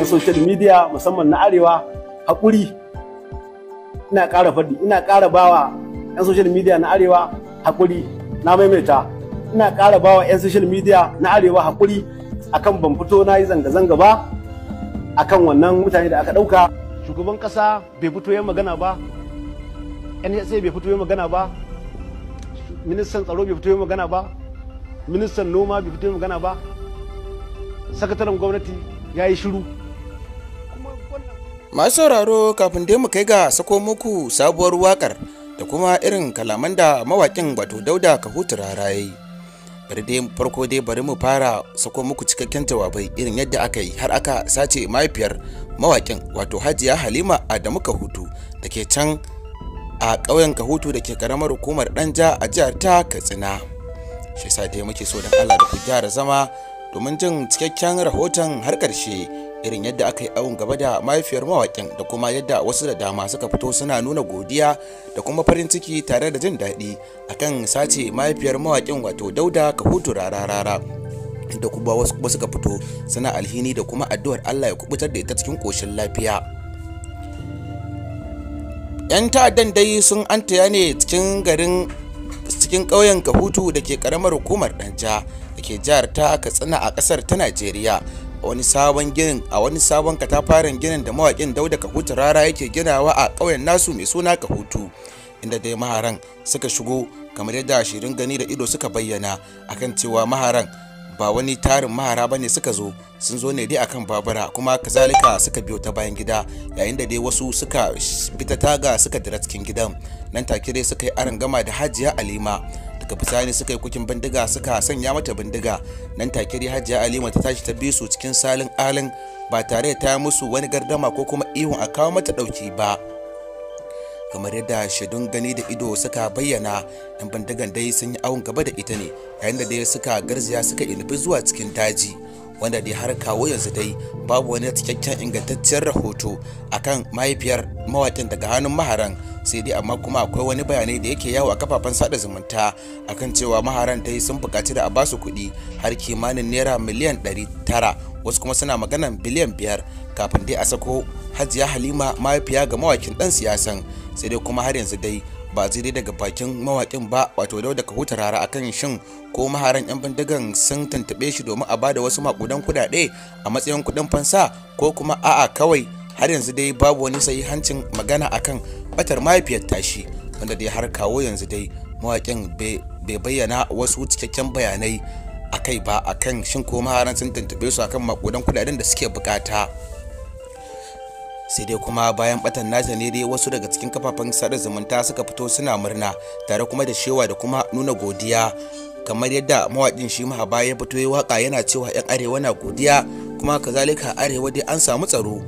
na social media musamman na arewa haƙuri ina ƙara faɗi ina ƙara bawa 'yan social media na arewa haƙuri na maimaita ina ƙara bawa 'yan social media na arewa haƙuri akan ban fito na yi zanga-zanga ba akan wannan mutane da aka ɗauka shugaban ƙasa bai fito ya magana ba nsa bai fito ya magana ba ministan tsaro bai fito ya magana ba ministan noma bai fito ya magana ba sakataren gwamnati ya yi shiru masu sauraro kafin dai mu kai ga sako muku sabuwar wakar da kuma irin kalaman da mawakin wato dauda kahutu Rarayi. bari dai farko dai bari mu fara sako muku cikakken jawabai irin yadda aka yi har aka sace mahaifiyar mawakin wato hajiya halima adamu kahutu da ke can a ƙauyen kahutu da ke karamar hukumar danja a jihar ta katsina shi sa dai muke so don allah da ku gyara zama domin jin cikakken rahoton har ƙarshe irin yadda aka yi awon gaba da mahaifiyar mawakin da kuma yadda wasu da dama suka fito suna nuna godiya da kuma farin ciki tare da jin daɗi akan sace mahaifiyar mawakin wato dauda kahutu rararara da kuma wasu suka fito suna alhini da kuma addu'ar allah ya kubutar da ita cikin koshin lafiya 'yan ta'addan dai sun antaya ne cikin garin cikin ƙauyen kahutu da ke ƙaramar hukumar danja da ke jihar ta katsina a ƙasar ta najeriya a wani sabon ginin a wani sabon katafaren ginin da mawakin dauda kahutu rara yake ginawa a ƙauyen nasu mai suna kahutu inda dai maharan suka shigo kamar yadda shirin gani da ido suka bayyana akan cewa maharan ba wani tarin mahara ne suka zo sun zo ne dai akan babura kuma kazalika suka biyo ta bayan gida yayin da dai wasu suka bi ta taga suka dira cikin gidan nan take dai suka yi arin gama da hajiya alima daga bisani suka yi kukin bindiga suka sanya mata bindiga nan take dai alima ta tashi ta bi su cikin salin alin ba tare ta yi musu wani gardama ko kuma ihun a kawo mata ɗauki ba kamar yadda shaidun gani da ido suka bayyana yan bindigan dai sun yi awon gaba da ita ne yayin da dai suka garziya suka inufi zuwa cikin daji wanda dai har kawo yanzu dai babu wani cikakken ingantacciyar rahoto akan mahaifiyar mawaƙin daga hannun maharan sai dai amma kuma akwai wani bayanai da yake yawo a kafafen sada zumunta akan cewa maharan dai sun bukaci da a basu kuɗi har kimanin naira miliyan 900 wasu kuma suna maganan biliyan 5 kafin dai a sako hajiya halima mahaifiya ga mawakin ɗan siyasan sai dai kuma har yanzu dai ba zai daga bakin mawakin ba wato dauda kahuta rara akan shin ko maharan yan bindigan sun tantabe shi domin a bada wasu makudan kudade a matsayin kudin fansa ko kuma a'a kawai har yanzu dai babu wani hancin magana akan batar mahaifiyar tashi wanda dai har kawo yanzu dai mawaƙin bai bayyana wasu cikakken bayanai a kai ba a kan shin ko maharan sun tuntuɓe su akan makudan kudaden da suke bukata sai dai kuma bayan batan nasa ne dai wasu daga cikin kafafen sada zumunta suka fito suna murna tare kuma da shewa da kuma nuna godiya kamar yadda mawakin shi mahaba ya fito ya waka yana cewa 'yan arewa na godiya kuma kazalika arewa dai an samu tsaro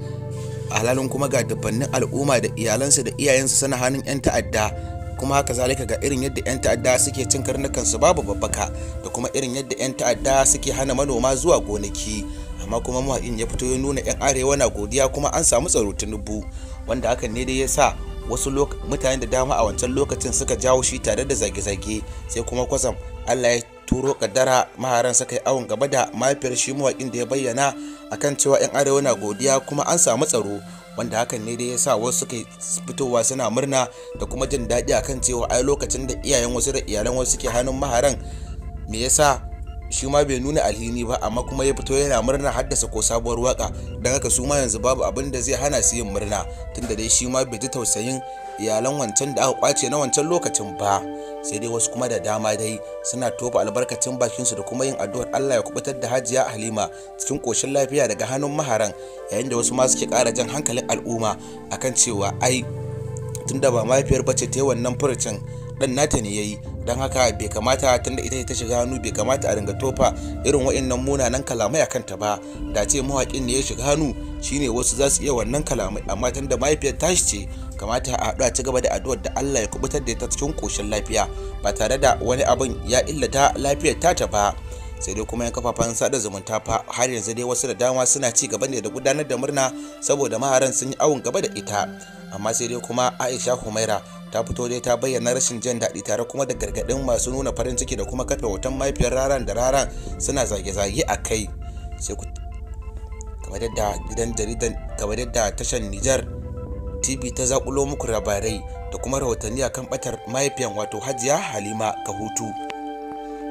halalin kuma ga dubannin al'umma da iyalansu da iyayensu sana hannun 'yan ta'adda kuma haka zalika ga irin yadda 'yan ta'adda suke cin karnukan su babu babbaka da kuma irin yadda 'yan ta'adda suke hana manoma zuwa gonaki amma kuma muhaɗin ya fito ya nuna 'yan arewa na godiya kuma an samu tsaro tunubu wanda hakan ne dai ya sa wasu mutane da dama a wancan lokacin suka jawo shi tare da zage-zage sai kuma kwazam allah ya turo kaddara maharan sakai yi awon gaba da mahaifiyar shi mawaƙin da ya bayyana akan cewa 'yan arewa na godiya kuma an samu tsaro wanda hakan ne da yasa sa wasu suke fitowa suna murna da kuma jin daɗi akan cewa ai lokacin da iyayen wasu da iyalan wasu suke hannun maharan me yasa shi ma bai nuna alhini ba amma kuma ya fito yana murna haddasa ko sabuwar waka don haka su ma yanzu babu abin da zai hana su yin murna tunda dai shi ma bai ji tausayin iyalan wancan da aka kwace na wancan lokacin ba sai dai wasu kuma da dama dai suna tofa albarkacin bakinsu da kuma yin addu'ar Allah ya kubutar da Hajiya Halima cikin koshin lafiya daga hannun maharan yayin da wasu ma suke ƙara jan hankalin al'umma akan cewa ai tunda ba mahaifiyar bace ta yi wannan furucin dan nata ne yayi dan haka bai kamata tunda ita ta shiga hannu bai kamata a ringa tofa irin wa'annan munanan kalamai a kanta ba da ce mawaƙin ne ya shiga hannu shine wasu za su iya wannan kalamai amma tunda mahaifiyar tashi ce kamata a haɗu a ci gaba da addu'ar da Allah ya kubutar da ta cikin koshin lafiya ba tare da wani abin ya illata lafiyar tata ba sai dai kuma yan kafafen sada zumunta fa har yanzu dai wasu da dama suna ci gaba ne da gudanar da murna saboda maharan sun yi awon gaba da ita amma sai dai kuma Aisha Humaira ta fito dai ta bayyana rashin jin daɗi tare kuma da gargaɗin masu nuna farin ciki da kuma kafe hoton mahaifiyar raran da raran suna zage-zage a kai sai kamar yadda gidan jaridan kamar yadda tashar Nijar tv ta zakulo muku labarai da kuma rahotanni kan batar mahaifiyan wato hajiya halima kahutu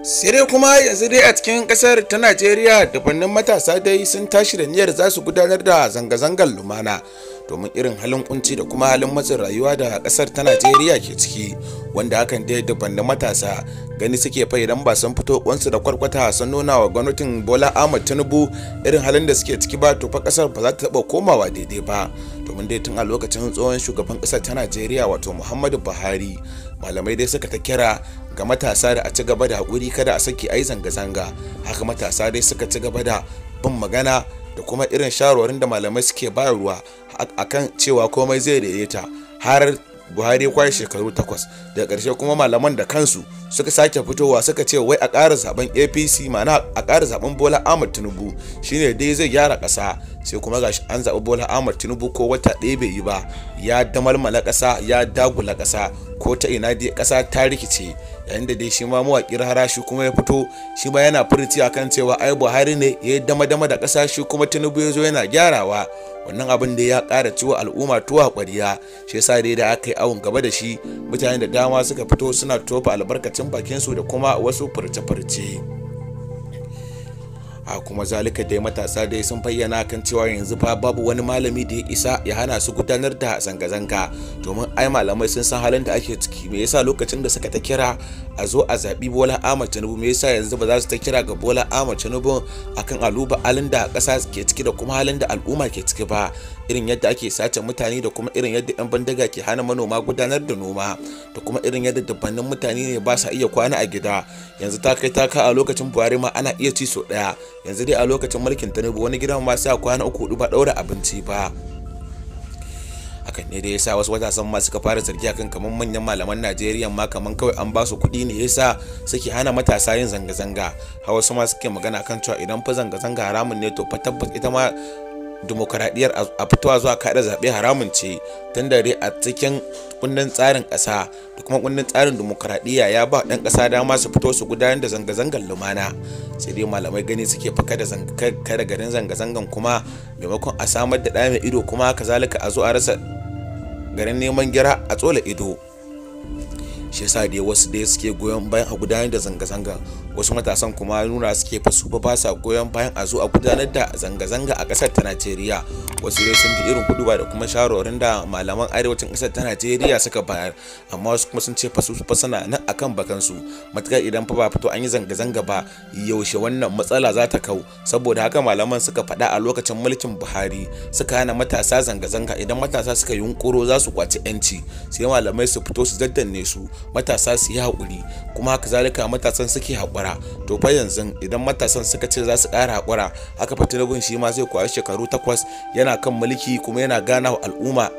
sai dai kuma yanzu dai a cikin kasar ta najeriya dubannin matasa dai sun tashi da niyyar za su gudanar da zanga-zangar lumana domin irin halin kunci da kuma halin matsin rayuwa da kasar ta najeriya ke ciki wanda hakan dai da matasa gani suke fa idan ba san fito kwansu da kwarkwata sun nuna wa gwamnatin bola ahmad tinubu irin halin da suke ciki ba to fa kasar ba za ta taba komawa daidai ba domin dai tun a lokacin tsohon shugaban kasar ta najeriya wato muhammadu buhari malamai dai suka ta kira ga matasa da a ci gaba da haƙuri kada a saki ayi zanga-zanga haka matasa dai suka ci gaba da bin magana da kuma irin shawarwarin da malamai suke bayarwa akan cewa komai zai daidaita har buhari ya shekaru takwas daga ƙarshe kuma malaman da kansu suka sake fitowa suka ce wai a ƙara zaben apc ma'ana a ƙara zaben bola ahmad tinubu shine dai zai gyara ƙasa sai kuma gashi an zaɓi bola ahmad tinubu ko wata ɗaya bai yi ba ya damalmala ƙasa ya dagula ƙasa ko ta ina dai ƙasa ta rikice yayin da dai shi ma mawaƙi shi kuma ya fito shi ma yana furuci akan cewa ai buhari ne ya dama dama da ƙasa shi kuma tinubu ya zo yana gyarawa wannan abin da ya ƙara ciwo al'umma tuwa kwariya shi yasa dai da aka yi awon gaba da shi mutane da dama suka fito suna tofa albarkacin bakin su da kuma wasu furce-furce. a kuma zalika dai matasa dai sun bayyana kan cewa yanzu fa babu wani malami da ya isa ya hana su gudanar da zanga-zanga domin ai malamai sun san halin da ake ciki me yasa lokacin da suka ta kira a zo a zaɓi bola ahmad tinubu me yasa yanzu ba za su ta kira ga bola ahmad tinubu akan aluba halin da ƙasa ke ciki da kuma halin da al'umma ke ciki ba irin yadda ake sace mutane da kuma irin yadda 'yan bandaga ke hana manoma gudanar da noma da kuma irin yadda dabbannin mutane ne ba sa iya kwana a gida yanzu ta kai ta ka a lokacin buhari ma ana iya ci so ɗaya yanzu dai a lokacin mulkin tinubu wani gidan ma sai kwana uku hudu ba daura abinci ba hakan ne dai yasa wasu matasan ma suka fara zargi akan kamar manyan malaman Najeriya ma kamar kawai an ba su kuɗi ne yasa suke hana matasa yin zanga-zanga hawa wasu ma suke magana kan cewa idan fa zanga-zanga haramun ne to fa tabbas ita ma demokaradiyyar a fitowa zuwa kaɗa zaɓe haramun ce tun da a cikin kundin tsarin ƙasa da kuma kundin tsarin demokaradiyya ya ba ɗan ƙasa dama su fito su gudanar da zanga-zangar lumana sai dai malamai gani suke fuka da kada garin zanga-zangan kuma maimakon a samar da ɗaya ido kuma kazalika a zo a rasa garin neman gira a tsola ido shi yasa dai wasu dai suke goyon bayan a gudanar da zanga-zanga wasu matasan kuma nuna suke fasu ba ba sa goyon bayan a zo a gudanar da zanga-zanga a kasar ta Najeriya wasu dai sun fi irin ba da kuma shawarwarin da malaman arewacin kasar ta Najeriya suka bayar amma wasu kuma sun ce fasu fa suna nan akan bakan su matukar idan fa ba fito an yi zanga-zanga ba yaushe wannan matsala za ta kau saboda haka malaman suka faɗa a lokacin mulkin Buhari suka hana matasa zanga-zanga idan matasa suka yunkuro za su kwaci 'yanci sai malamai su fito su zaddanne su matasa su yi haƙuri kuma haka zalika matasan suke haƙura to fa yanzu idan matasan suka ce za su ƙara haƙura haka fatilabun shi ma zai kwashi shekaru takwas yana kan mulki kuma yana gana wa al'umma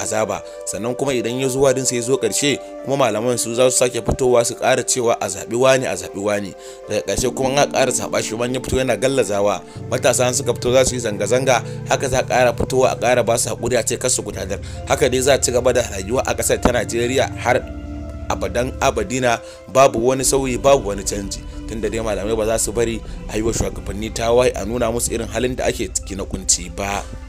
azaba sannan kuma idan ya zuwa din sai zo karshe kuma malaman su za su sake fitowa su ƙara cewa a zaɓi wani a zaɓi wani daga ƙarshe kuma an ƙara zaɓa shi ya fito yana gallazawa matasa an suka fito za su yi zanga-zanga haka za ƙara fitowa a ƙara ba su haƙuri a ce kar su gudanar haka dai za a ci gaba da rayuwa a ƙasar ta najeriya har abadan abadina babu wani sauyi babu wani canji tunda dai malamai ba za su bari a yi wa shugabanni tawaye a nuna musu irin halin da ake ciki na kunci ba